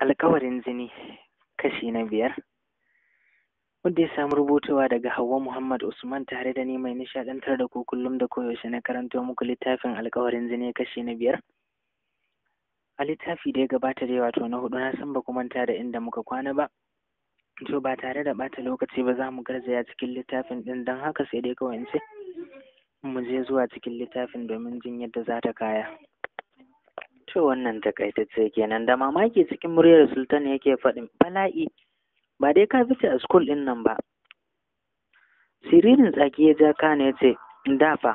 alkawarin jini kashi na biyar wanda ya samu rubutuwa daga Hauwa Muhammad Usman tare da ni mai nishaɗantar da ku kullum da koyaushe na karanto muku littafin alkawarin jini kashi na biyar a littafi da ya gabata dai wato na hudu na san ba ku manta da inda muka kwana ba to ba tare da bata lokaci ba za mu garzaya cikin littafin din don haka sai dai kawai in mu je zuwa cikin littafin domin jin yadda za ta kaya to wannan takaitacce kenan da mamaki cikin muryar sultan yake faɗin bala'i ba dai ka fice a skul ɗin nan ba siririn tsaki ya ja kane ce dafa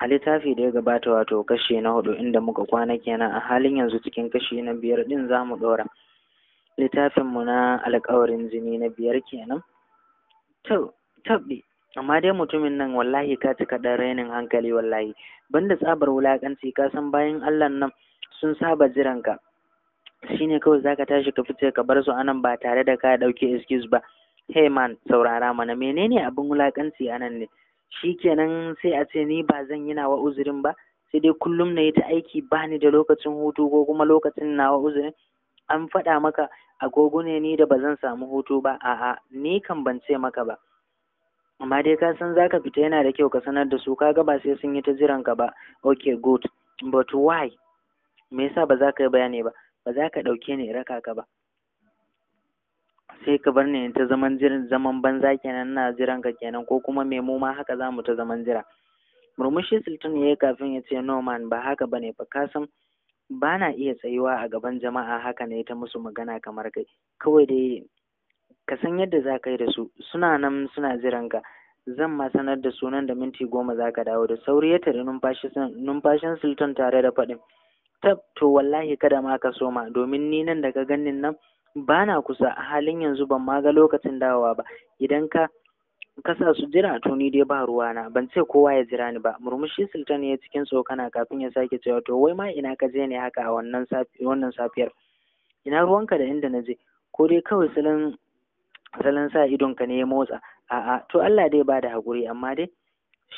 a littafi da ya gabata wato kashi na hudu inda muka kwana kenan a halin yanzu cikin kashi na biyar ɗin za mu ɗora littafinmu na alkawarin jini na biyar kenan to tabbi amma dai mutumin nan wallahi ka cika ɗan rainin hankali wallahi banda tsabar wulakanci ka san bayan Allah nan sun saba jiranka shine kawai zaka tashi ka fice ka bar su anan ba tare da ka dauke excuse ba hey man saurara mana menene abin wulakanci anan ne shikenan sai a ce ni ba zan yi wa uzurin ba sai dai kullum na yi ta aiki ba ni da lokacin hutu ko kuma lokacin nawa uzurin an faɗa maka agogo ne ni da ba zan samu hutu ba a'a ni kan ban maka ba amma dai ka san zaka fita yana da kyau ka sanar da su kaga ba sai sun yi ta jiran ka ba okay good but why me yasa ba za ka yi bayani ba ba za ka dauke ni raka ka ba sai ka bar ni ta zaman jiran zaman banza kenan na jiran ka kenan ko kuma me mu ma haka za mu ta zaman jira murmushi sultan ya yi kafin ya ce no man ba haka bane ba ka san ba na iya tsayuwa a gaban jama'a haka ne ta musu magana kamar kai kawai dai ka san yadda za ka yi da su suna nan suna jiran ka zan ma sanar da sunan da minti goma za ka dawo da sauri ya tare numfashin sultan tare da faɗin tab to wallahi kada ma ka soma domin ni nan daga ka ganin nan ba na kusa a halin yanzu ban ma ga lokacin dawowa ba idan ka sa su jira to ni dai ba na, ban ce kowa ya jira ni ba murmushi sultan ya cikin tsokana kafin ya sake cewa to wai ma ina ka je ne haka a wannan safiyar ina ruwanka da inda na je ko dai kawai salon asalin sa ka ne ya motsa a'a to Allah dai ba da haƙuri amma dai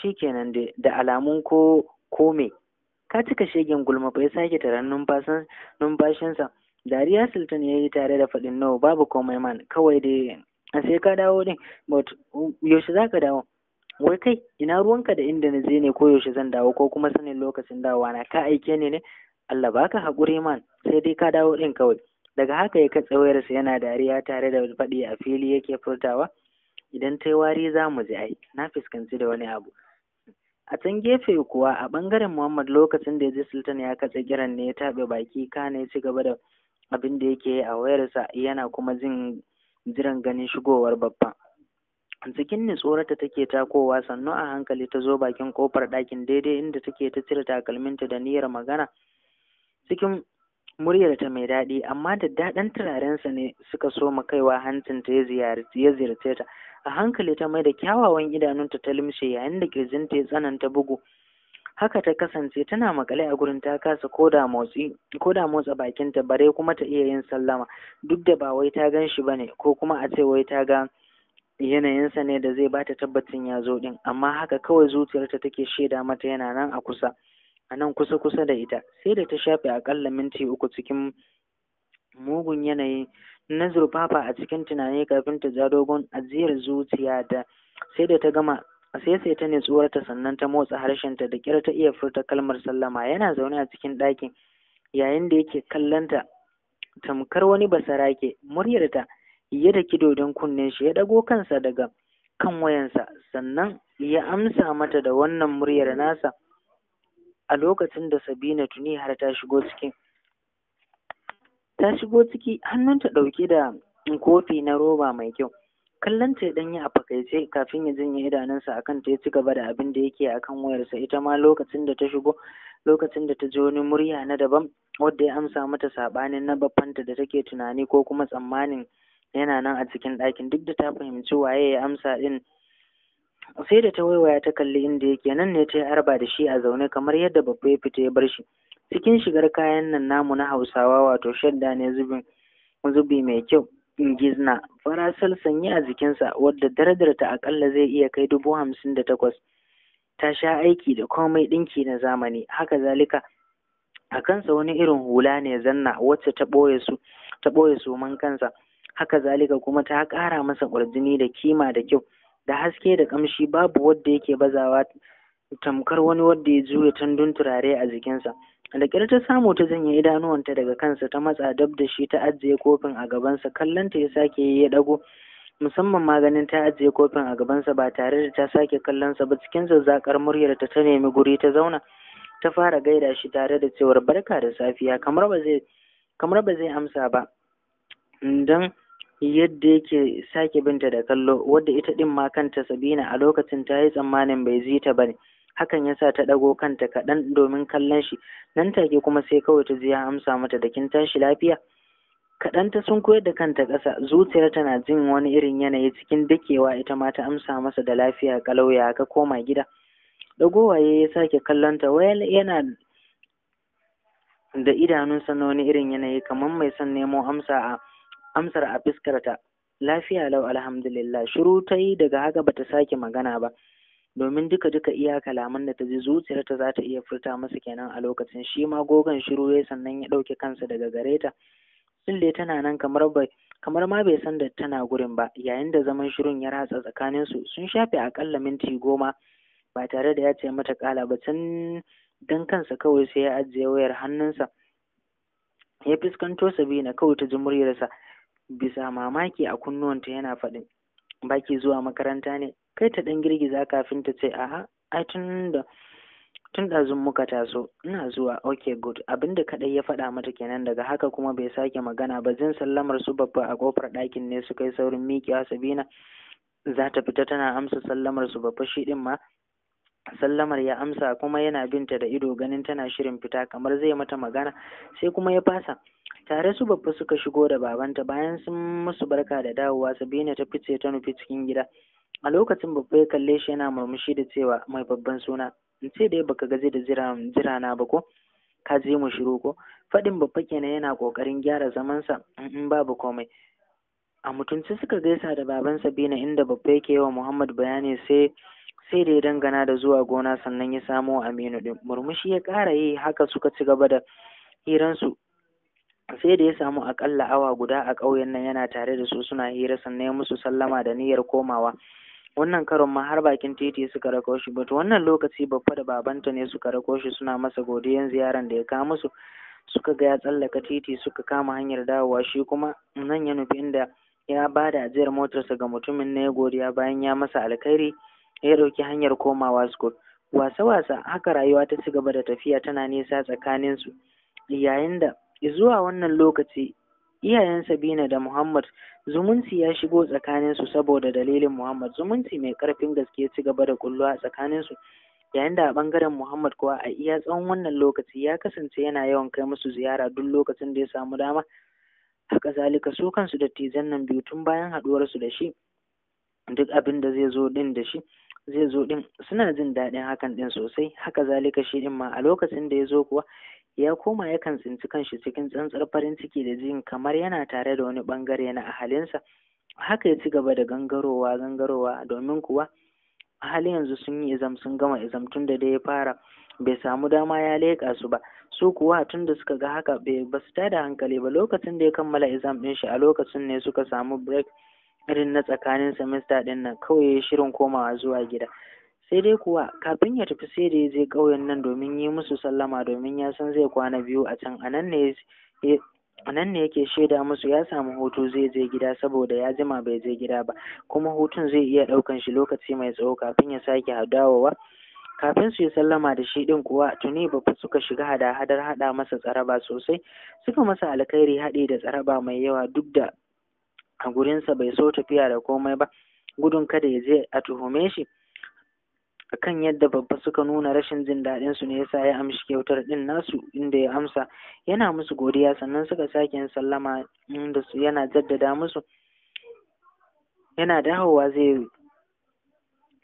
shikenan dai da alamun ko ko me ka cika shegen gulma fa ya sake taron numfashin numfashinsa dariya sultan ya yi tare da faɗin nawa babu komai man kawai dai sai ka dawo din but yaushe za ka dawo wai kai ina ruwanka da inda na je ne ko yaushe zan dawo ko kuma sanin lokacin dawowa na ka aike ne ne Allah baka haƙuri man sai dai ka dawo din kawai daga haka ya katse wayarsa yana dariya tare da faɗi a fili yake furtawa idan ta wari za mu ji ai na fuskanci da wani abu a can gefe kuwa a ɓangaren muhammad lokacin da ya ji sultan ya katse kiran ne ya taɓe baki kana ya ci gaba da abin da yake a wayarsa yana kuma jin jiran ganin shigowar babba cikin nutsuwarta take takowa sannu a hankali ta zo bakin kofar ɗakin daidai inda take ta cire takalminta da niyyar magana cikin muryarta mai daɗi amma da daɗin turarensa ne suka so kaiwa hancinta ya ziyarce ta a hankali ta mai da kyawawan idanunta ta limshe yayin da ƙirjinta ya tsananta bugu haka ta kasance tana makale a gurin ta kasa koda motsi koda motsa bakinta bare kuma ta iya yin sallama duk da ba wai ta gan shi bane ko kuma a ce wai ta ga yanayinsa ne da zai bata tabbacin ya zo din amma haka kawai zuciyarta take shaida mata yana nan a kusa a nan kusa-kusa da ita sai da ta shafe aƙalla minti uku cikin mugun yanayi na zurfafa a cikin tunani kafin ta ja dogon ajiyar zuciya da sai da ta gama sai sai ta nutsuwarta sannan ta motsa harshenta da kyar ta iya furta kalmar sallama yana zaune a cikin ɗakin yayin da yake kallonta tamkar wani basarake muryarta ya da kidodon kunnen shi ya ɗago kansa daga kan wayansa sannan ya amsa mata da wannan muryar nasa a lokacin da Sabina tuni har ta shigo ciki ta shigo ciki hannunta ɗauke da kofi na roba mai kyau kallon ta dan yi a fakaice kafin ya janye idanunsa kan ta ya ci gaba da abin da yake kan wayarsa ita ma lokacin da ta shigo lokacin da ta ji wani murya na daban wadda ya amsa mata saɓanin na babbanta da take tunani ko kuma tsammanin yana nan a cikin ɗakin duk da ta fahimci waye ya amsa ɗin sai da ta waiwaya ta kalli inda yake nan ne ta yi arba da shi a zaune kamar yadda babba ya fita ya bar shi cikin shigar kayan nan namu na hausawa wato shadda ne zubin zubi mai kyau gizna farasal sanyi a jikinsa wadda darajar ta akalla zai iya kai dubu hamsin da takwas ta sha aiki da komai ɗinki na zamani haka zalika a kansa wani irin hula ne zanna wacce ta ɓoye su ta suman kansa haka zalika kuma ta ƙara masa ƙwarjini da kima da kyau da haske da kamshi babu wadda yake bazawa tamkar wani wadda ya jure tandun turare a jikinsa da ƙyar ta samu ta janye idanuwanta daga kansa ta matsa dab da shi ta ajiye kofin a gabansa kallonta ya sake yi ya dago musamman maganin ta ajiye kofin a gabansa ba tare da ta sake kallonsa ba cikin zazzakar muryar ta ta nemi guri ta zauna ta fara gaida shi tare da cewar barka da safiya kamar ba zai amsa ba don yadda yake sake binta da kallo wadda ita din ma kanta sabina a lokacin ta yi tsammanin bai ji ta bane hakan ya sa ta ɗago kanta kaɗan domin kallon shi nan take kuma sai kawai ta ji ya amsa mata da kin tashi lafiya kaɗan ta sun koyar da kanta ƙasa zuciyar tana jin wani irin yanayi cikin dakewa ita ma ta amsa masa da lafiya kalau ya ka koma gida waye ya sake kallon ta wayal yana da idanunsa na wani irin yanayi kamar mai son nemo amsa a amsar a fiskarta lafiya lau alhamdulillah shiru ta yi daga haka bata sake magana ba domin duka duka iya kalaman da ta ji zuciyarta za ta iya furta masa kenan a lokacin shi ma gogon shiru ya sannan ya ɗauke kansa daga gare ta dai tana nan kamar bai kamar ma bai san da tana gurin ba yayin da zaman shirun ya ratsa tsakaninsu sun shafe akalla minti goma ba tare da ya ce mata kala ba can dan kansa kawai sai ya ajiye wayar hannunsa ya fuskanto sabina kawai ta ji muryarsa bisa mamaki a kunnuwanta yana faɗin baki zuwa makaranta ne kai ta ɗan girgiza kafin ta ce aha ai tun da tun muka taso ina zuwa okay good abinda kaɗai ya faɗa mata kenan daga haka kuma bai sake magana ba jin sallamar su babba a ƙofar ɗakin ne suka yi saurin miƙewa sabina za ta fita tana amsa sallamar su babba shi ɗin ma sallamar ya amsa kuma yana binta da ido ganin tana shirin fita kamar zai mata magana sai kuma ya fasa tare su babba suka shigo da babanta bayan sun musu barka da dawowa sabina ta fice ta nufi cikin gida a lokacin babba ya kalle shi yana murmushi da cewa mai babban suna in ce dai baka gaji da jira na ba ko ka je mu shiru ko faɗin babba kenan yana kokarin gyara zamansa in babu komai a mutunci suka gaisa da baban sabina inda babba yake wa muhammad bayani sai sai da ya dangana da zuwa gona sannan ya samo aminu ɗin, murmushi ya ƙara yi haka suka ci gaba da hiransu sai da ya samu aƙalla awa guda a ƙauyen nan yana tare da su suna hira sannan ya musu sallama da niyyar komawa wannan karon ma har bakin titi suka rako shi bato wannan lokaci babba da babanta ne suka rako shi suna masa godiyan ziyaran da ya kawo musu suka ga ya tsallaka titi suka kama hanyar dawowa shi kuma nan ya nufi inda ya ba da ajiyar motarsa ga mutumin na ya godiya bayan ya masa alkhairi ya ɗauki hanyar komawa school wasa-wasa haka rayuwa ta cigaba da tafiya tana nisa tsakaninsu yayin da zuwa wannan lokaci iyayen Sabina da Muhammad zumunci ya shigo tsakaninsu saboda dalilin Muhammad zumunci mai ƙarfin gaske ci gaba da kulluwa a tsakaninsu yayin da a ɓangaren Muhammad kuwa a iya tsawon wannan lokaci ya kasance yana yawan kai musu ziyara duk lokacin da ya samu dama haka zalika su kansu dattijan nan biyu tun bayan haɗuwarsu da shi duk abin da zai zo din da shi zai zo din suna jin daɗin hakan din sosai haka zalika shi din ma a lokacin da ya zo kuwa ya koma yakan tsinci kanshi cikin tsantsar farin ciki da jin kamar yana tare da wani bangare na ahalinsa haka ya ci gaba da gangarowa gangarowa domin kuwa a halin yanzu sun yi izam sun gama izam tun da dai ya fara bai samu dama ya leƙa su ba su kuwa tun da suka ga haka bai basu su tada hankali ba lokacin da ya kammala izam din shi a lokacin ne suka samu break irin na tsakanin semester ɗin nan kawai ya shirin komawa zuwa gida sai dai kuwa kafin ya tafi sai da ya je ƙauyen nan domin yi musu sallama domin ya san zai kwana biyu a can a nan ne yake shaida musu ya samu hutu zai je gida saboda ya jima bai je gida ba kuma hutun zai iya ɗaukan shi lokaci mai tsawo kafin ya sake dawowa kafin su yi sallama da shi ɗin kuwa tuni bafa suka shiga hada-hadar hada masa tsaraba sosai suka masa alkhairi haɗi da tsaraba mai yawa duk da a gurinsa bai so tafiya da komai ba gudun kada ya je a tuhume shi akan yadda babba suka nuna rashin jin daɗin su ne yasa ya amshi kyautar din nasu inda ya amsa yana musu godiya sannan suka sake yin sallama inda su yana jaddada musu yana dawowa zai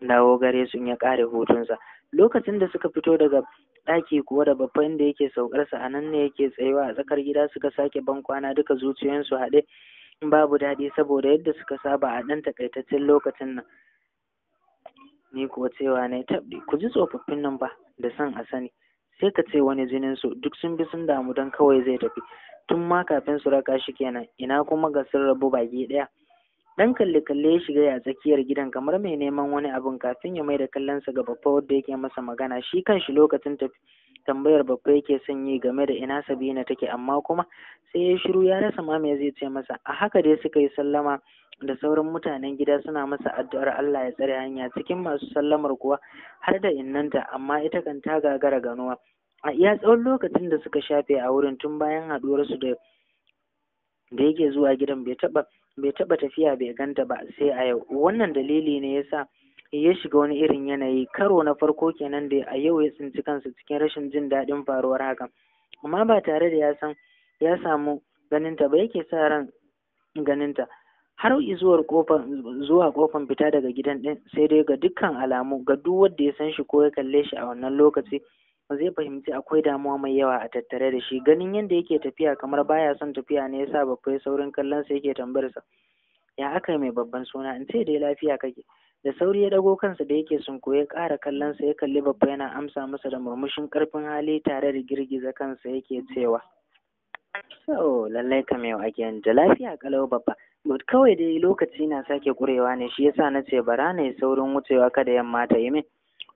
dawo gare su ya kare hutunsa lokacin da suka fito daga ɗaki kuwa da babba inda yake saukarsa a nan ne yake tsayuwa a tsakar gida suka sake ban kwana duka zuciyoyinsu haɗe babu daɗi saboda yadda suka saba a ɗan takaitaccen lokacin nan ni kuwa cewa na yi tabbi ku ji tsofaffin nan ba da son a sani sai ka ce wani jinin su duk sun bi sun damu don kawai zai tafi tun ma kafin su raka shi kenan ina kuma ga sun rabu baki ɗaya dan kalle kalle ya shiga ya tsakiyar gidan kamar mai neman wani abun kafin ya mai da sa ga babba wanda yake masa magana shi kanshi lokacin tambayar babba yake son yi game da ina sabina take amma kuma sai ya shiru ya rasa ma me zai ce masa a haka dai suka yi sallama da sauran mutanen gida suna masa addu'ar Allah ya tsare hanya cikin masu sallamar kuwa har da innanta amma ita kan ta gagara ganuwa a iya tsawon lokacin da suka shafe a wurin tun bayan haɗuwarsu da da yake zuwa gidan bai taba bai taɓa tafiya bai ganta ba sai a yau wannan dalili ne yasa ya shiga wani irin yanayi karo na farko kenan da a yau ya tsinci kansa cikin rashin jin daɗin faruwar hakan amma ba tare da ya san ya samu ganinta ba yake sa ran ganinta har izuwar kofar zuwa kofar fita daga gidan din sai dai ga dukkan alamu ga duk wanda ya san shi ko ya kalle shi a wannan lokaci ba zai fahimci akwai damuwa mai yawa a tattare da shi ganin yadda yake tafiya kamar baya son tafiya ne yasa babba ya saurin kallon sa yake tambayar sa ya aka mai babban suna in ce dai lafiya kake da sauri ya dago kansa da yake sun ya ƙara kallon sa ya kalli babba yana amsa masa da murmushin karfin hali tare da girgiza kansa yake cewa so lallai ka mai wake da lafiya kalau babba but kawai dai lokaci na sake kurewa ne shi yasa na ce bara ne saurin wucewa kada yamma ta yi min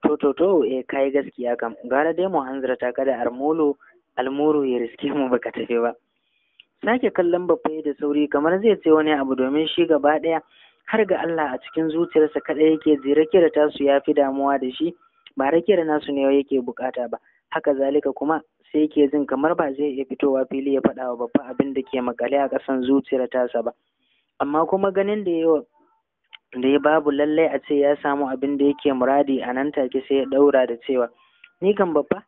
to to to eh kai gaskiya kam gara dai mu hanzarta kada armolo almuru ya riske mu baka tafi ba sake kallon babba da sauri kamar zai ce wani abu domin shi gaba ɗaya har ga Allah a cikin zuciyarsa kaɗai yake zira kira tasu ya fi damuwa da shi ba rake da nasu ne yake bukata ba haka zalika kuma sai yake jin kamar ba zai iya fitowa fili ya faɗa wa babba abin da ke makale a ƙasan zuciyar ba amma kuma ganin da yawa da ya babu lallai a ce ya samu abin da yake muradi a nan take sai ya ɗaura da cewa ni kan babba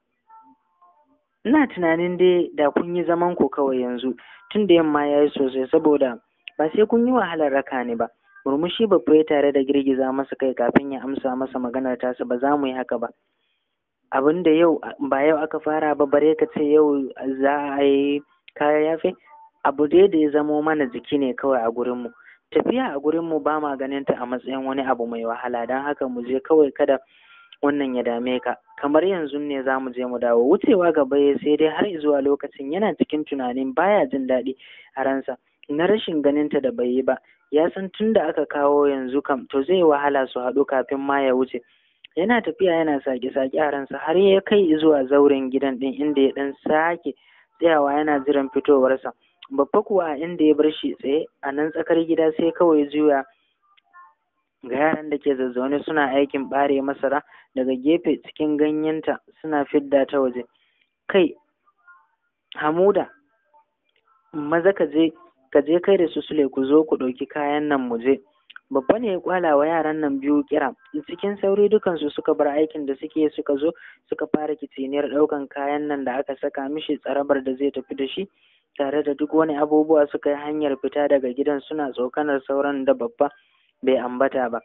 ina tunanin dai da kun yi zaman ku kawai yanzu tun da yamma ya yi sosai saboda ba sai kun yi wahalar raka ni ba murmushi babba ya tare da girgiza masa kai kafin ya amsa masa maganar tasa ba za mu yi haka ba abin da yau ba yau aka fara ba bare ka ce yau za a yi kaya yafe abu dai da ya zamo mana jiki ne kawai a gurinmu tafiya a gurin mu ba ma ganin ta a matsayin wani abu mai wahala don haka mu je kawai kada wannan ya dame ka kamar yanzu ne za mu je mu dawo wucewa gaba ya sai dai har zuwa lokacin yana cikin tunanin baya jin daɗi a ransa na rashin ganin ta da bai yi ba ya san tun da aka kawo yanzu kam to zai wahala su haɗu kafin ma ya wuce yana tafiya yana sake-sake a ransa har ya kai zuwa zauren gidan ɗin inda ya ɗan sake tsayawa yana jiran fitowarsa babba kuwa a inda ya bar shi tsaye a nan tsakar gida sai kawai juya ga yaran da ke zazzaune suna aikin ɓare masara daga gefe cikin ganyenta suna fidda ta waje kai hamuda maza ka je kai da su sule ku zo ku ɗauki kayan nan muje. je babba ne ya kwala wa yaran nan biyu kira cikin sauri dukansu suka bar aikin da suke suka zo suka fara kitsiniyar ɗaukan kayan nan da aka saka mishi tsarabar da zai tafi da shi tare da duk wani abubuwa suka yi hanyar fita daga gidan suna tsokanar sauran da babba bai ambata ba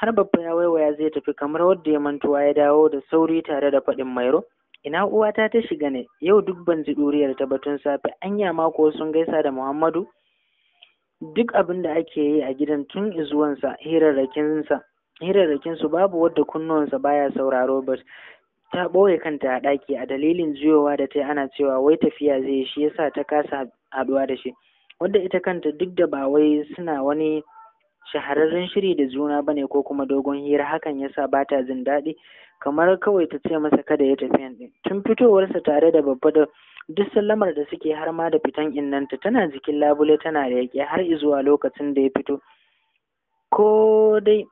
har babba ya waiwaya zai tafi kamar wadda ya mantuwa ya dawo da sauri tare da faɗin mairo ina uwata ta shiga ne yau duk ban ji ɗuriyar ta batun safe anya mako sun gaisa da muhammadu duk abin da ake yi a gidan tun izuwansa hirarrakinsa hirarrakin babu wadda kunnuwansa baya sauraro ba ta ɓoye kanta a ɗaki a dalilin juyowa da ta yi ana cewa wai tafiya zai yi shi yasa ta kasa haɗuwa da shi wadda ita kanta duk da ba wai suna wani shahararren shiri da juna bane ko kuma dogon hira hakan yasa ba ta jin daɗi kamar kawai ta ce masa kada ya tafi yanzu tun fitowarsa tare da babba da duk sallamar da suke har ma da fitan innanta tana jikin labule tana da yaƙi har izuwa lokacin da ya fito ko dai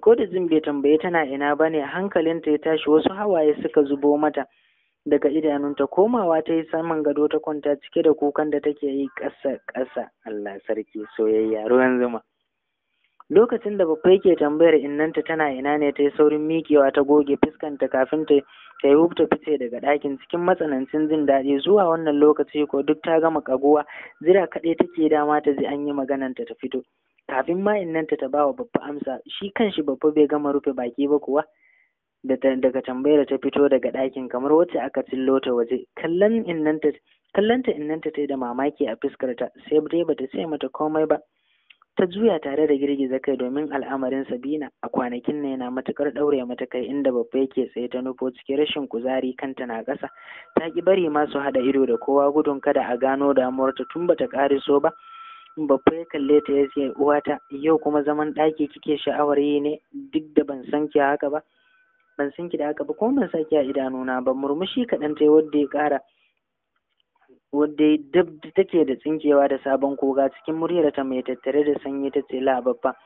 ko da jin bai tambaye tana ina ba ne hankalinta ya tashi wasu hawaye suka zubo mata daga idanunta komawa ta yi saman gado ta kwanta cike da kukan da take yi ƙasa ƙasa Allah sarki soyayya ruwan zuma lokacin da babba yake tambayar innanta tana ina ne ta yi saurin miƙewa ta goge fuskanta kafin ta ta yi ta fice daga ɗakin cikin matsanancin jin daɗi zuwa wannan lokaci ko duk ta gama ƙaguwa zira kaɗai take dama ta ji an yi magananta ta fito In ma nan ta bawa babba amsa shi kanshi babba bai gama rufe baki ba kuwa daga tambayar ta fito daga ɗakin kamar wacce aka cillo ta waje kallon innanta ta kallon ta da mamaki a ta sai dai bata sai mata komai ba ta juya tare da girgiza kai domin al'amarin Sabina a kwanakin na yana matukar ɗaure mata kai inda babba yake tsaye ta nufo cikin rashin kuzari kanta na ƙasa ta ki bari ma su haɗa ido da kowa gudun kada a gano damuwarta tun bata so ba Babba ya kalle ta ya ce, Uwata, yau kuma zaman ɗaki kike sha'awar yi ne duk da ban san ki haka ba. Ban san ki da haka ba, Ko ban sa ki a idanuna ba. Murmushi kaɗan ta wadda ya ƙara wadda dab take da tsinkewa da sabon koga cikin muryar ta mai tattare da sanyi ta ce la babba.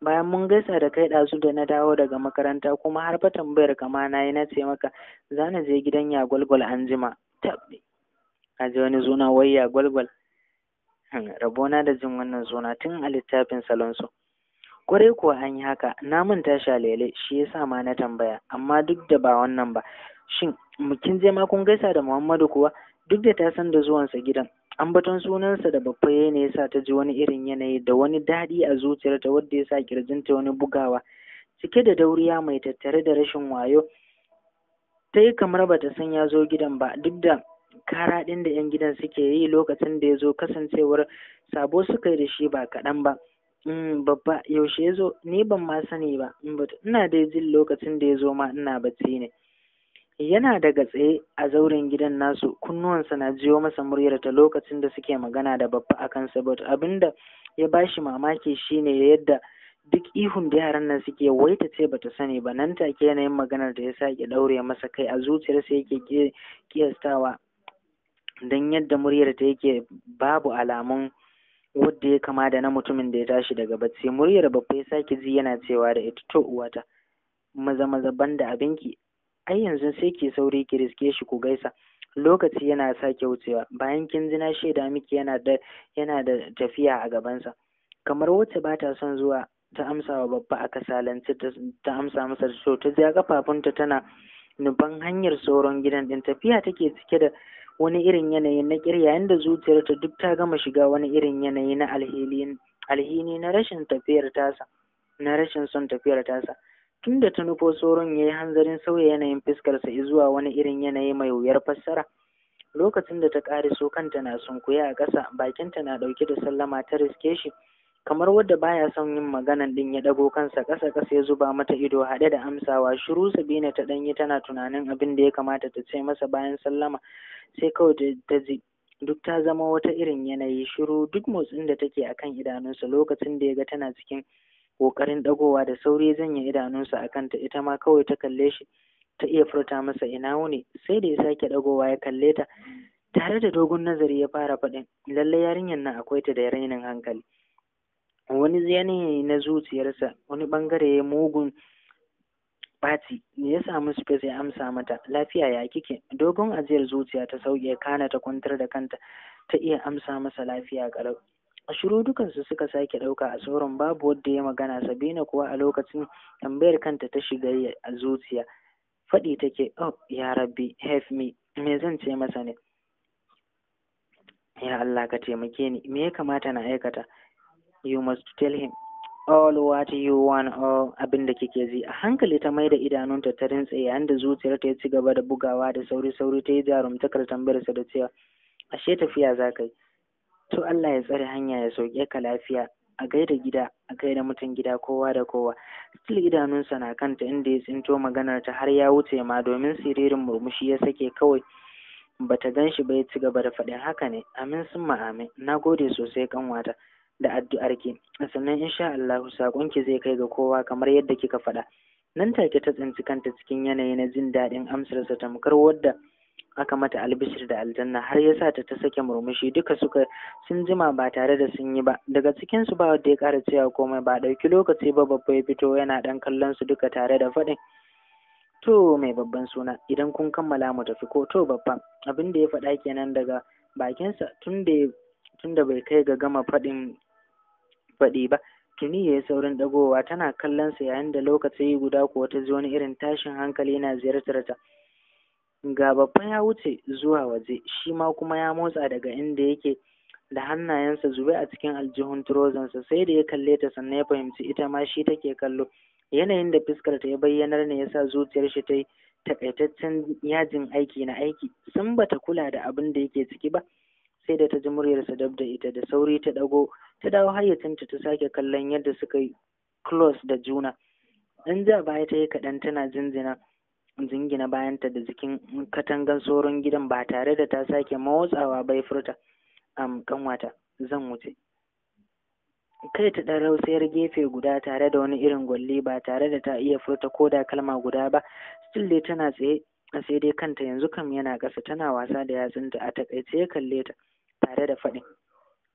Bayan mun gaisa da kai ɗazu da na dawo daga makaranta kuma har fa tambayar kama na yi na ce maka za na je gidan ya gwalgwal an jima. Tabbi. A ji wani zuna wai ya gwalgwal. rabona da jin wannan zona tun a littafin salonsu kwarai kuwa an yi haka na manta shi lele shi yasa ma na tambaya amma duk da ba wannan ba shin kin je ma gaisa da muhammadu kuwa duk da ta san da zuwansa gidan an ambaton sunansa da babba ya ne yasa ta ji wani irin yanayi da wani daɗi a zuciyarta wadda ya sa kirjinta wani bugawa cike da dauriya mai tattare da rashin wayo ta yi kamar bata san ya zo gidan ba duk da kara ɗin da 'yan gidan suke yi lokacin da ya zo kasancewar sabo suka yi da shi ba kaɗan ba mm, babba yaushe ya zo ni ban ma sani ba mm, ina dai jin lokacin da ya zo ma ina bacci ne yana daga tsaye a zauren gidan nasu kunnuwansa na jiyo masa muryar ta lokacin da suke magana da babba akan sabot da ya bashi mamaki shine yadda duk ihun da yaran nan suke wai ta ce bata sani ba nan take yanayin maganar da ya sake daure masa kai a zuciyarsa yake kiyastawa don yadda muryar ta yake babu alamun wadda ya kama da na mutumin da ya tashi daga bacci muryar babba ya sake ji yana cewa da ita to uwata maza maza banda abinki ai yanzu sai ki sauri ki riske shi ku gaisa lokaci yana sake wucewa bayan kin ji na shaida miki yana da yana da tafiya a gabansa kamar wacce ba ta son zuwa ta amsa wa babba a salanci ta amsa masa da ta ja kafafunta tana nuban hanyar sauran gidan din tafiya take cike da wani irin yanayi na ƙirya yanda zuciyarta duk ta gama shiga wani irin yanayi na alhini alhini na rashin tafiyar tasa na rashin son tafiyar tasa tunda ta nufo tsoron ya yi hanzarin sauya yanayin fuskarsa zuwa wani irin yanayi mai wuyar fassara lokacin da ta ƙare so kanta na sunkuya a ƙasa bakinta na ɗauke da sallama ta riske shi kamar wadda baya son yin maganan din ya dago kansa ƙasa ƙasa ya zuba mata ido haɗe da amsawa shiru sabina ta ɗanyi tana tunanin abin da ya kamata ta ce masa bayan sallama sai kawai ta ji duk ta zama wata irin yanayi shiru duk motsin da take kan idanunsa lokacin da ya ga tana cikin ƙoƙarin ɗagowa da sauri zanya idanunsa a kanta ita ma kawai ta kalle shi ta iya furta masa ina wuni sai da ya sake dagowa ya kalle ta tare da dogon nazari ya fara faɗin lallai yarinyar nan akwai ta da rainin hankali wani zane na zuciyarsa wani bangare ya mugun ɓaci ne ya samu space ya amsa mata lafiya ya kike dogon ajiyar zuciya ta sauke kana ta kwantar da kanta ta iya amsa masa lafiya ƙarau a shiru dukansu suka sake ɗauka a sauran babu wadda ya magana sabina kuwa a lokacin tambayar kanta ta shiga a zuciya faɗi take oh ya rabbi help me me zan ce masa ne ya Allah ka taimake ni me ya kamata na aikata you must tell him all what you want all abin kike ji a hankali ta maida idanunta ta rintse yayin da zuciyar ta ci gaba da bugawa da sauri sauri ta yi jarumtakar tambayar sa da cewa ashe tafiya za ka yi to Allah ya tsare hanya ya sauke ka lafiya a gaida gida a gaida mutum gida kowa da kowa still idanunsa na kanta inda ya tsinto maganar ta har ya wuce ma domin siririn murmushi ya sake kawai bata gan shi ba ya ci gaba da faɗin haka ne amin sun amin na gode sosai kanwata da addu'arki sannan insha Allah ki zai kai ga kowa kamar yadda kika faɗa nan take ta tsinci kanta cikin yanayi na jin daɗin amsar amsarsa tamkar wadda aka mata albishir da aljanna har ya sa ta ta sake murmushi duka suka sun jima ba tare da sun yi ba daga cikin su ba wanda ya ƙara cewa komai ba ɗauki lokaci ba babba ya fito yana ɗan kallon su duka tare da faɗin to mai babban suna idan kun kammala mu tafi ko to babba abin da ya faɗa kenan daga bakinsa tunda da bai kai ga gama faɗin faɗi ba tuni ya yi saurin ɗagowa tana kallon sa yayin da lokaci guda kuwa ta ji wani irin tashin hankali yana ziyartar ta ga babba ya wuce zuwa waje shi ma kuma ya motsa daga inda yake da hannayensa zube a cikin aljihun turozansa sai da ya kalle ta sannan ya fahimci ita ma shi take kallo yanayin da fuskar ta ya bayyanar ne yasa zuciyar shi ta yi takaitaccen yajin aiki na aiki sun bata kula da abin da yake ciki ba sai da ta ji muryarsa dab da ita da sauri ta ɗago ta dawo hayyacinta ta sake kallon yadda suka yi close da juna in ja baya ta yi kaɗan tana jinjina jingina bayanta da jikin katangan soron gidan ba tare da ta sake motsawa bai furta am kanwata zan wuce kai ta ɗan rausayar gefe guda tare da wani irin gwalli ba tare da ta iya furta ko da kalma guda ba still dai tana tsaye sai dai kanta yanzu kam yana ƙasa tana wasa da yatsunta a takaice ya kalle ta tare da faɗin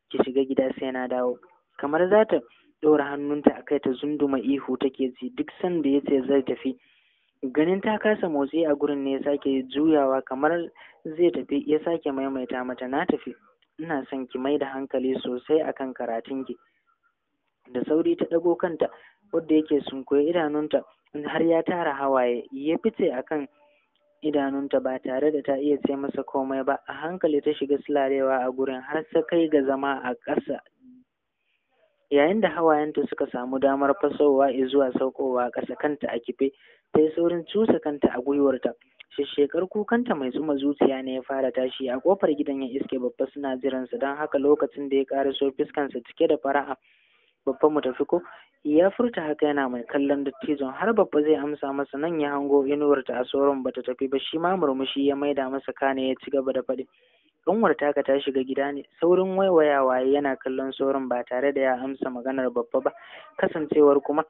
ki shiga gida sai na dawo kamar za ta ɗora hannunta a kai ta zunduma ihu take ji duk sanda ya ce zai tafi ganin ta kasa motsi a gurin ne ya sake juyawa kamar zai tafi ya sake maimaita mata na tafi ina son ki mai da hankali sosai akan karatunki da sauri ta ɗago kanta wadda yake sunkuye idanunta har ya tara hawaye ya fice akan idanunta ba tare da ta iya ce masa komai ba a hankali ta shiga silarewa a gurin har ta kai ga zama a ƙasa yayin da hawayenta suka samu damar fasowa zuwa saukowa ƙasa kanta a kife ta yi saurin cusa kanta a gwiwarta shekar kukanta mai zuma zuciya ne ya fara tashi a kofar gidan ya iske babba suna jiransa don haka lokacin da ya ƙara so fuskansa cike da fara'a babba mu tafi ko ya furta haka yana mai kallon dattijon har babba zai amsa masa nan ya hango inuwarta a tsoron bata tafi ba shi ma murmushi ya maida masa kane ya ci gaba da faɗi kanwar taka ta shiga gida ne saurin waiwayawa yana kallon tsoron ba tare da ya amsa maganar babba ba kasancewar kuma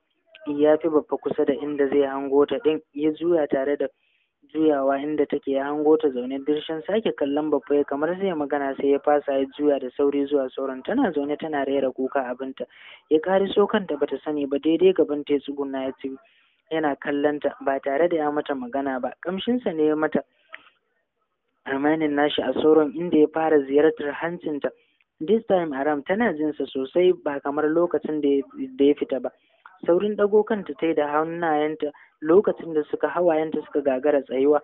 ya fi babba kusa da inda zai hango ta ɗin ya juya tare da juyawa inda take ya hango ta zaune dirshin sake kallon babba ya kamar zai magana sai ya fasa ya juya da sauri zuwa sauran tana zaune tana rera kuka abinta ya kari so kanta bata sani ba daidai gaban ta ya tsuguna ya ci yana kallon ta ba tare da ya mata magana ba kamshinsa ne ya mata amanin nashi a sauran inda ya fara ziyartar hancinta this time aram tana jinsa sosai ba kamar lokacin da ya fita ba saurin ɗago kanta ta da hannayenta lokacin da suka hawayenta suka gagara tsayuwa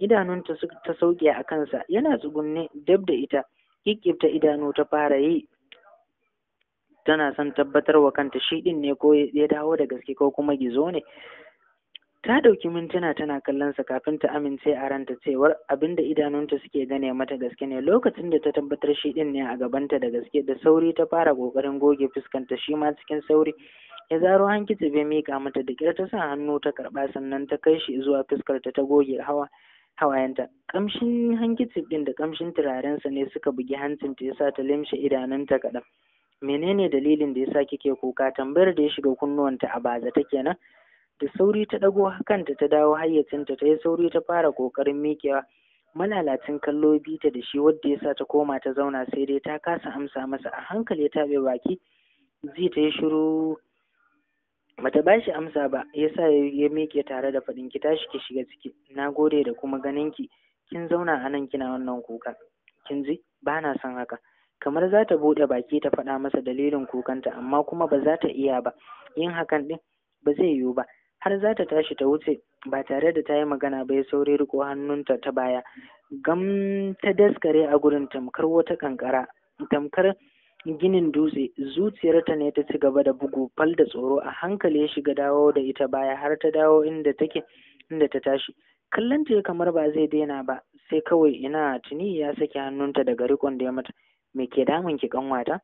idanunta ta sauke a kansa yana tsugunne dab da ita kikkifta idanu ta fara yi tana son tabbatar wa kanta shi ɗin ne ko ya dawo da gaske ko kuma gizo ne ta ɗauki mintuna tana kallonsa kafin ta amince a ranta cewar da idanunta suke gane mata gaske ne lokacin da ta tabbatar shi ɗin ne a gabanta da gaske da sauri ta fara ƙoƙarin goge fuskanta shi ma cikin sauri ya zaro hankici bai miƙa mata da ƙyar ta sa hannu ta karɓa sannan ta kai shi zuwa fuskarta ta goge hawa hawayenta kamshin hankicif ɗin da kamshin turarensa ne suka bugi hancinta ya sa ta limshe idanunta kaɗan menene dalilin da yasa kike kuka tambayar da ya shiga kunnuwanta a baza ta kenan da sauri ta ɗago kanta ta dawo hayyacinta ta yi sauri ta fara ƙoƙarin miƙewa malalacin kallo bita da shi wadda ya sa ta koma ta zauna sai dai ta kasa amsa masa a hankali ya taɓe baki zai ta yi shiru bata ba shi amsa ba ya sa ya miƙe tare da faɗin ki tashi ki shiga ciki na gode da kuma ganin ki kin zauna a nan kina wannan kuka kin ji ba na son haka kamar za ta buɗe baki ta faɗa masa dalilin kukanta amma kuma ba za ta iya ba yin hakan ɗin ba zai yiwu ba har za ta tashi ta wuce ba tare da ta yi magana ba ya sauri riko hannunta ta baya gam ta daskare a gurin tamkar wata kankara tamkar ginin dutse zuciyarta ne ta ci gaba da bugu fal da tsoro a hankali ya shiga dawo da ita baya har ta dawo inda take inda ta tashi kallon ta kamar ba zai daina ba sai kawai ina tuni ya saki hannunta daga rikon da ya mata me ke damun ki kanwata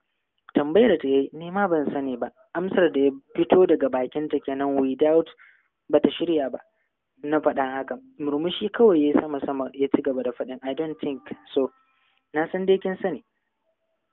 tambayar ta yi nema ban sani ba amsar da ya fito daga bakinta kenan without bata shirya ba na faɗan haka murmushi kawai ya sama sama ya ci gaba da faɗin i don't think so na san dai kin sani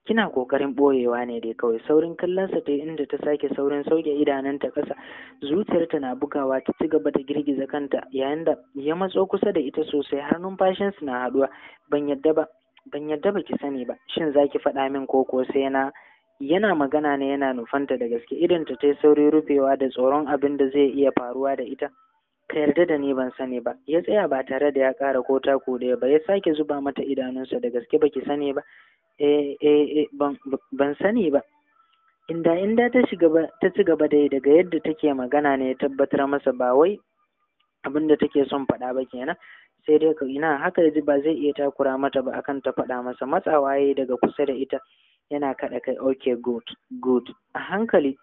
kina kokarin boyewa ne dai kawai saurin kallonsa ta inda ta sake saurin sauke idananta ƙasa zuciyarta na bugawa ta ci gaba da girgiza kanta yayin da ya matso kusa da ita sosai har numfashinsu na haɗuwa ban yadda ba ban yadda ba ki sani ba shin zaki faɗa min ko ko sai na yana magana ne yana nufanta da gaske idan ta yi sauri rufewa da tsoron abin da zai iya faruwa da ita ka yarda da ni ban sani ba ya tsaya ba tare da ya ƙara ko ta ko ba ya sake zuba mata idanunsa da gaske baki sani ba eh eh, eh ban sani ba inda inda ta shiga ta ci gaba dai daga yadda take magana ne ya tabbatar masa ba wai abin da take son faɗa ba kenan sai dai ka ina haka ji ba zai iya takura mata ba akan ta faɗa masa matsawa yayi daga kusa da ita yana kaɗa kai okay good good a hankali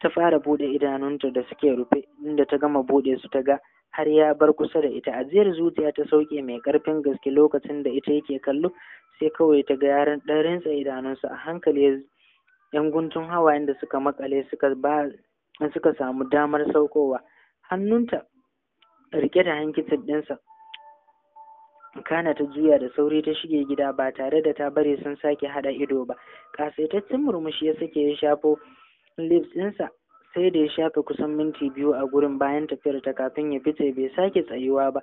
ta fara buɗe idanunta da suke rufe inda ta gama buɗe su ta ga har ya bar kusa da ita ajiyar zuciya ta sauke mai ƙarfin gaske lokacin da ita yake kallo sai kawai ta ga yaran ɗan rintsa idanunsa a hankali yan guntun hawayen da suka makale suka samu damar saukowa hannunta rike da hankicin ɗinsa kana ta juya da sauri ta shige gida ba tare da ta bare sun sake hada ido ba kasaitaccen murmushi ya sake ya shafo lips ɗinsa sai da ya shafe kusan minti biyu a gurin bayan tafiyar ta kafin ya fice bai sake tsayuwa ba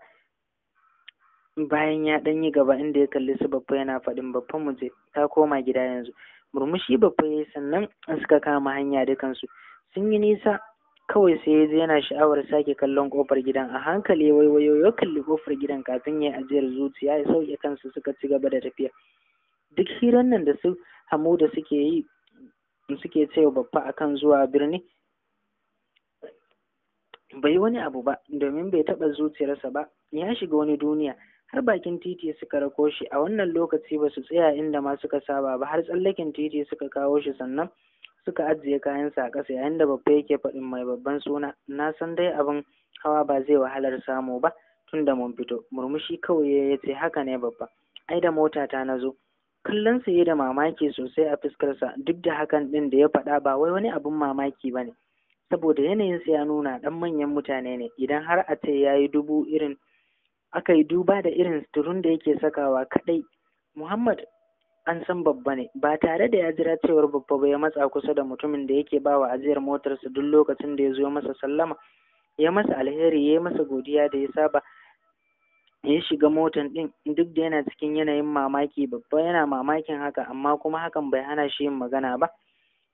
bayan ya ɗan yi gaba inda ya kalli su babba yana faɗin babban mu ta koma gida yanzu murmushi babba ya yi sannan suka kama hanya dukansu sun yi nisa kawai sai ya ji yana sha'awar sake kallon kofar gidan a hankali ya waiwayo ya kalli kofar gidan kafin ya yi ajiyar zuciya ya sauke kansu suka ci gaba da tafiya duk hirar nan da su hamu da suke yi suke cewa babba akan zuwa birni bai wani abu ba domin bai taba zuciyarsa ba ya shiga wani duniya har bakin titi suka rako shi a wannan lokaci ba su tsaya inda ma suka saba ba har tsallaken titi suka kawo shi sannan suka ajiye kayansa a ƙasa yayin da babba yake faɗin mai babban suna na san dai abin hawa ba zai wahalar samu ba tunda da mun fito murmushi kawai ya ce haka ne babba ai da mota ta na zo kallon sa da mamaki sosai a fuskarsa duk da hakan ɗin da ya faɗa ba wai wani abin mamaki ba ne saboda yanayin ya nuna ɗan manyan mutane ne idan har a ce ya yi dubu irin aka yi duba da irin suturun da yake sakawa kaɗai muhammad an san babba ne ba tare da ya jira cewar babba ba ya matsa kusa da mutumin da yake bawa ajiyar motarsa duk lokacin da ya zo masa sallama ya masa alheri ya masa godiya da ya saba ya shiga motan din duk da yana cikin yanayin mamaki babba yana mamakin haka amma kuma hakan bai hana shi yin magana ba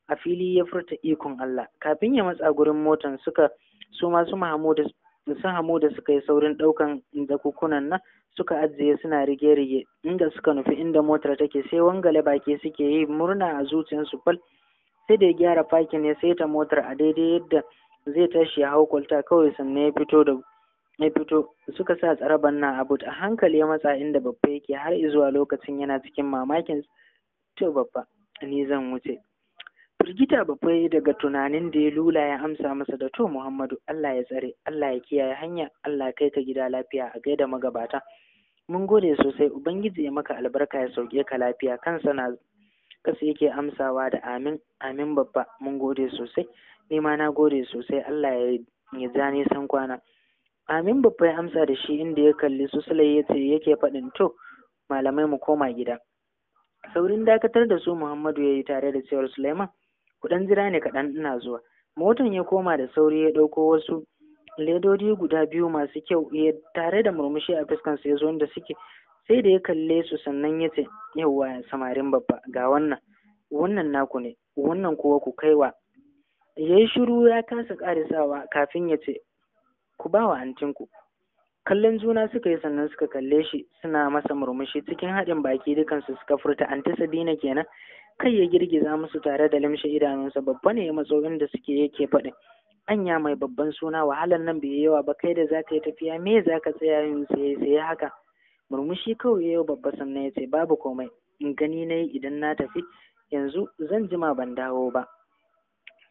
a fili ya furta ikon Allah kafin ya matsa gurin motan suka su ma su su da suka yi saurin ɗaukan jakukunan nan suka ajiye suna rige-rige inda suka nufi inda motar take sai wangale baki suke yi murna a zuciyarsu fal sai da ya gyara fakin ya saita motar a daidai yadda zai tashi ya hau kwalta kawai sannan ya fito da ya fito suka sa tsaraban na abu a hankali ya matsa inda babba yake har izuwa lokacin yana cikin mamakin to babba ni zan wuce Firgita babba ya daga tunanin da ya lula ya amsa masa da to Muhammadu Allah ya tsare, Allah ya kiyaye hanya, Allah kai ka gida lafiya a gaida magabata. Mun gode sosai, Ubangiji ya maka albarka ya sauke ka lafiya, kansa na kasa yake amsawa da amin, amin babba, mun gode sosai, ni ma na gode sosai, Allah ya ya ja nisan kwana. Amin babba ya amsa da shi inda ya kalli su Sulai ya ce yake faɗin to malamai mu koma gida. Saurin dakatar da su Muhammadu ya yi tare da cewar Sulaiman kuɗan jira ne kaɗan ina zuwa motan ya koma da sauri ya ɗauko wasu ledodi guda biyu masu kyau ya tare da murmushi a fuskansa ya zo da suke sai da ya kalle su sannan ya ce yauwa samarin babba ga wannan wannan naku ne wannan kuwa ku kaiwa ya yi shiru ya kasa ƙarisawa kafin ya ce ku ba wa antinku kallon juna suka yi sannan suka kalle shi suna masa murmushi cikin haɗin baki dukansu suka furta anti sabina kenan kai ya girgiza musu tare da limshe idanunsa babba ne ya matso inda suke yake faɗi. anya mai babban suna wahalar nan bai yawa ba kai da za ka yi tafiya me za ka tsaya yin sai haka murmushi kawai yau, babba sannan ya ce babu komai in gani na yi idan na tafi yanzu zan jima ban dawo ba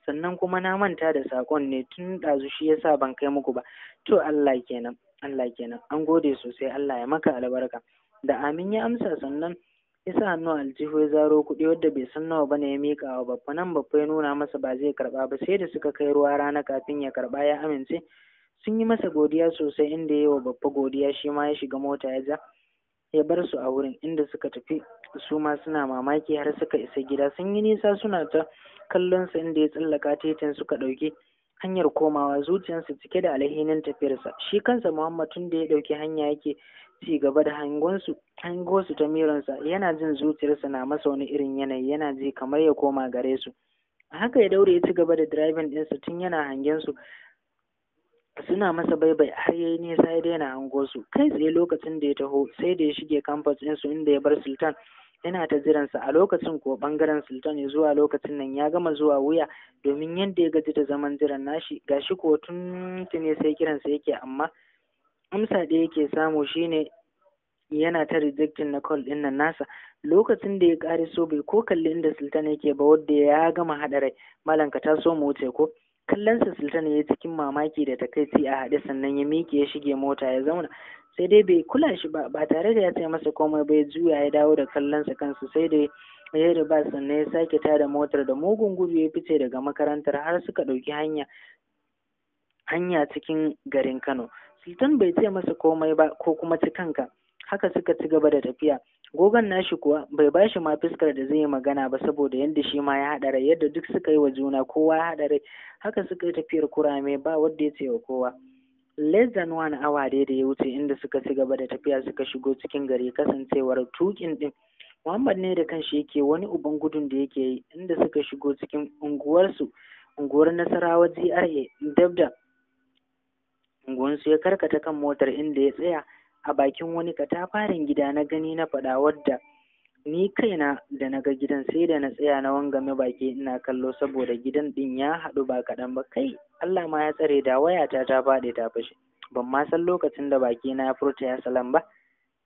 sannan kuma na manta da saƙon ne tun ɗazu shi sa ban kai muku ba to Allah kenan Allah kenan an gode sosai Allah ya maka albarka da amin ya amsa sannan ya sa hannu aljihu ya zaro kuɗi wadda bai san nawa bane ya miƙa wa babba nan babba ya nuna masa ba zai karɓa ba sai da suka kai ruwa rana kafin ya karɓa ya amince sun yi masa godiya sosai inda ya yi wa babba godiya shi ma ya shiga mota ya ja ya bar su a wurin inda suka tafi su ma suna mamaki har suka isa gida sun yi nisa suna ta kallon sa inda ya tsallaka titin suka ɗauki hanyar komawa zuciyarsa cike da alhinin tafiyarsa shi kansa muhammad tun da ya ɗauki hanya yake ci gaba da hangonsu hangosu ta miransa yana jin zuciyarsa na masa wani irin yanayi yana ji kamar ya koma gare su haka ya daure ya ci gaba da driving ɗinsa tun yana hangen suna masa baibai har yayi nisa ya daina hangosu kai tsaye lokacin da ya taho sai da ya shige campus ɗinsu inda ya bar sultan yana ta jiransa a lokacin ko bangaren sultan zuwa lokacin nan ya gama zuwa wuya domin yadda ya gaji da zaman jiran nashi gashi ko kine sai kiransa yake amma amsa da yake samu shine yana ta rejectin na call din nan nasa lokacin da ya kare so bai ko kalli inda sultan yake ba wadda ya gama hada rai malanka ta so mu wuce ko Kallon sa sultan ya yi cikin mamaki da takaici a haɗe sannan ya miƙe ya shige mota ya zauna sai dai bai kula shi ba ba tare da ya ce masa komai ba ya juya ya dawo da kallon kallonsa kansu sai dai ya riba sannan ya sake tada motar da mugun gudu ya fice daga makarantar har suka ɗauki hanya hanya cikin garin kano sultan bai ce masa komai ba ko kuma cikanka haka suka ci gaba da tafiya gogon nashi kuwa bai bashi ma fuskar da zai yi magana ba saboda yadda shi ma ya haɗa rai yadda duk suka yi wa juna kowa ya haɗa rai haka suka yi tafiyar kurame ba wadda ya ce wa kowa less than one hour dai da ya wuce inda suka ci gaba da tafiya suka shigo cikin gari kasancewar tukin din Muhammad ne da kanshi yake wani uban gudun da yake yi inda suka shigo cikin unguwarsu unguwar Nasarawa GRA dab da unguwarsu ya karkata kan motar inda ya tsaya a bakin wani katafaren gida na gani na faɗa wadda ni kaina da na ga gidan sai da na tsaya na wangame baki ina kallo saboda gidan din ya haɗu ba kaɗan ba kai Allah ma ya tsare da wayata ta faɗi ta fashe ban ma san lokacin da baki na ya furta ya salam ba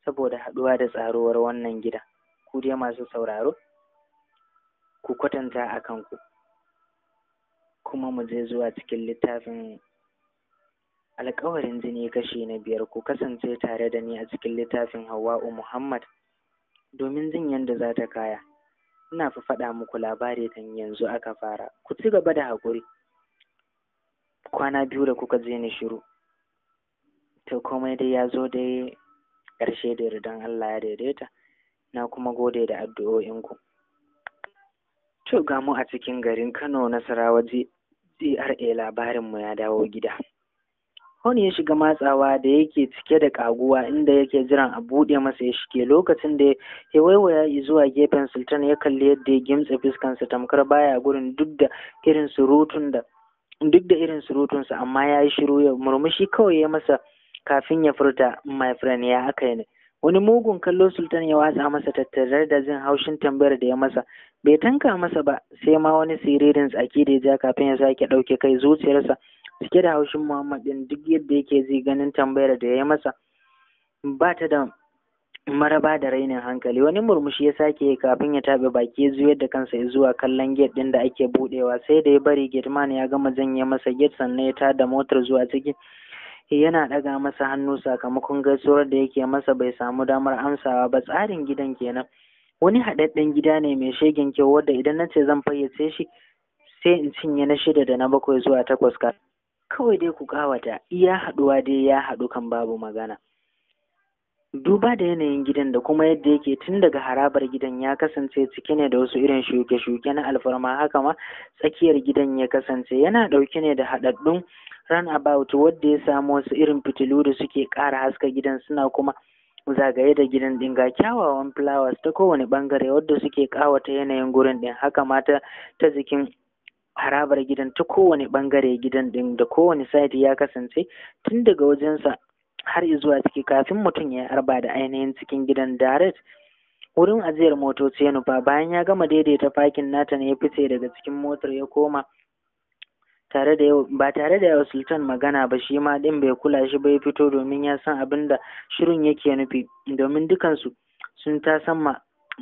saboda haɗuwa da tsaruwar wannan gida ku dai masu sauraro ku kwatanta a kanku kuma mu je zuwa cikin littafin Alƙawarin jini kashi na biyar ku kasance tare da ni a cikin littafin Hawwa'u Muhammad domin jin yadda za ta kaya. Ina fi faɗa muku labari kan yanzu aka fara. Ku ci gaba da haƙuri. Kwana biyu da kuka je ni shiru. To komai dai ya zo dai ƙarshe da yardan Allah ya daidaita. Na kuma gode da addu'o'inku. To ga mu a cikin garin Kano Nasarawa GRA labarinmu ya dawo gida. Hone ya shiga matsawa da yake cike da kaguwa inda yake jiran a buɗe masa ya shige lokacin da ya waiwaya zuwa gefen Sultan ya kalli yadda ya gimtse fuskarsa tamkar baya gurin duk da irin surutun da duk da irin surutunsa amma ya yi shiru ya murmushi kawai ya masa kafin ya furta my friend ya aka ne wani mugun kallo sultan ya watsa masa tattare da jin haushin tambayar da ya masa bai tanka masa ba sai ma wani siririn tsaki da ya ja kafin ya sake ɗauke kai zuciyarsa cike da haushin Muhammad din duk yadda yake zai ganin tambayar da ya yi masa ba ta da maraba da rainin hankali wani murmushi ya sake kafin ya taɓa baki ya zuyar da kansa zuwa kallon gate ɗin da ake buɗewa sai da ya bari gateman ya gama janye masa gate sannan ya tada motar zuwa ciki yana ɗaga masa hannu sakamakon gaisuwar da yake masa bai samu damar amsawa ba tsarin gidan kenan wani haɗaɗɗen gida ne mai shegen kyau wadda idan na ce zan fayyace shi sai in cinye na shida da na bakwai zuwa takwas kafin kawai dai ku ƙawata iya haɗuwa dai ya haɗu kan babu magana duba da yanayin gidan da kuma yadda yake tun daga harabar gidan ya kasance cike ne da wasu irin shuke-shuke na alfarma haka ma tsakiyar gidan ya kasance yana ɗauke ne da haɗaɗɗun run-about. wadda ya samo wasu irin fitilu da suke ƙara haska gidan suna kuma zagaye da gidan ɗin ga kyawawan flowers ta kowane ɓangare wadda suke ƙawata yanayin gurin ɗin haka ma ta jikin harabar gidan ta kowane bangare gidan din da kowane site ya kasance tun daga wajensa har zuwa ciki kafin mutum ya arba da ainihin cikin gidan direct wurin ajiyar motoci ya nufa bayan ya gama daidaita fakin nata ne ya fice daga cikin motar ya koma tare ba tare da yawa sultan magana ba shi ma din bai kula shi bai fito domin ya san abin da shirin yake nufi domin dukansu sun ta sama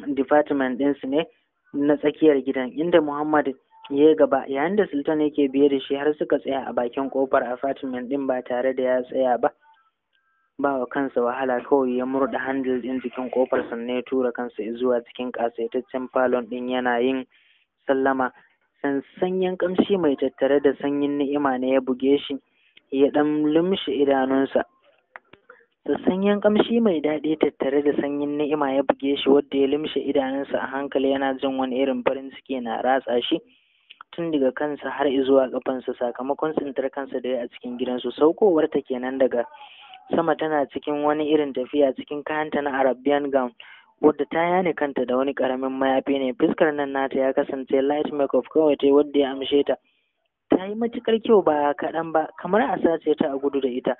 department ɗinsu ne na tsakiyar gidan inda muhammad ya gaba yayin da sultan yake biye da shi har suka tsaya a bakin kofar apartment din ba tare da ya tsaya ba ba wa kansa wahala kawai ya murda handle din jikin kofar sannan ya tura kansa zuwa cikin kasaitaccen falon din yana yin sallama sansanyen kamshi mai tattare da sanyin ni'ima ne ya buge shi ya dan lumshe idanunsa sassanyen kamshi mai daɗi tattare da sanyin ni'ima ya buge shi wadda ya lumshe idanunsa a hankali yana jin wani irin farin ciki na ratsa shi tun daga kansa har zuwa kafansa sakamakon tsintar kansa da ya a cikin gidansu saukowar ta kenan daga sama tana cikin wani irin tafiya cikin kayanta na arabian gown wadda ta yane kanta da wani karamin mayafi ne fuskar nan nata ya kasance light makeup kawai ta wadda ya amshe ta ta yi matukar kyau ba kaɗan ba kamar a sace ta a gudu da ita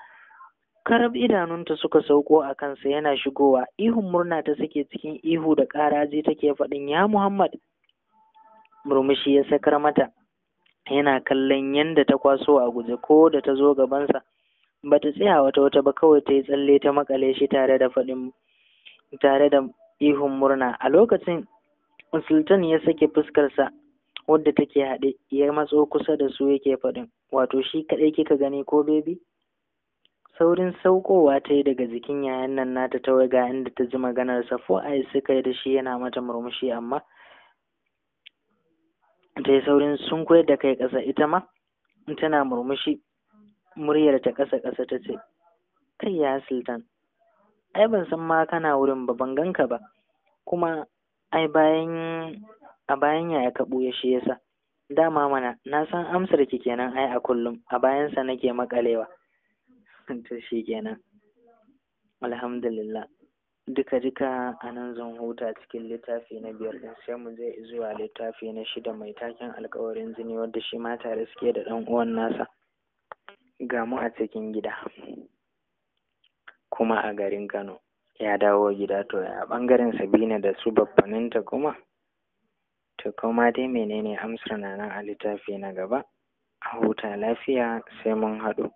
karab idanunta suka sauko a kansa yana shigowa ihun murna ta suke cikin ihu da ƙaraji take faɗin ya muhammad murmushi ya sakar mata yana kallon yadda ta kwaso a guje ko da ta zo gabansa ba ta tsaya wata wata ba kawai ta yi tsalle ta makale shi tare da faɗin tare da ihun murna a lokacin sultan ya sake fuskarsa wadda take haɗe ya matso kusa da su yake faɗin wato shi kaɗai kika gani ko bebi saurin saukowa ta yi daga jikin yayan nan nata ta waga inda ta ji maganar safo a suka yi da shi yana mata murmushi amma ta yi saurin sunkuyar da kai ƙasa ita ma tana murmushi muryar ta ƙasa ƙasa ta ce kai ya sultan ai ban san ma kana wurin ba ban ganka ba kuma ai bayan a bayan yaya kabu ya shi yasa dama mana na san amsar ki kenan ai a kullum a bayan bayansa nake makalewa to shi kenan alhamdulillah duka duka a nan zan huta cikin littafi na biyar din sai mu je zuwa littafi na shida mai taken alkawarin jini wadda shi ma tare suke da ɗan uwan nasa ga mu a cikin gida kuma a garin kano ya dawo gida to ya ɓangaren sabina da su babbaninta kuma to kuma dai menene amsar na nan a littafi na gaba a huta lafiya sai mun haɗu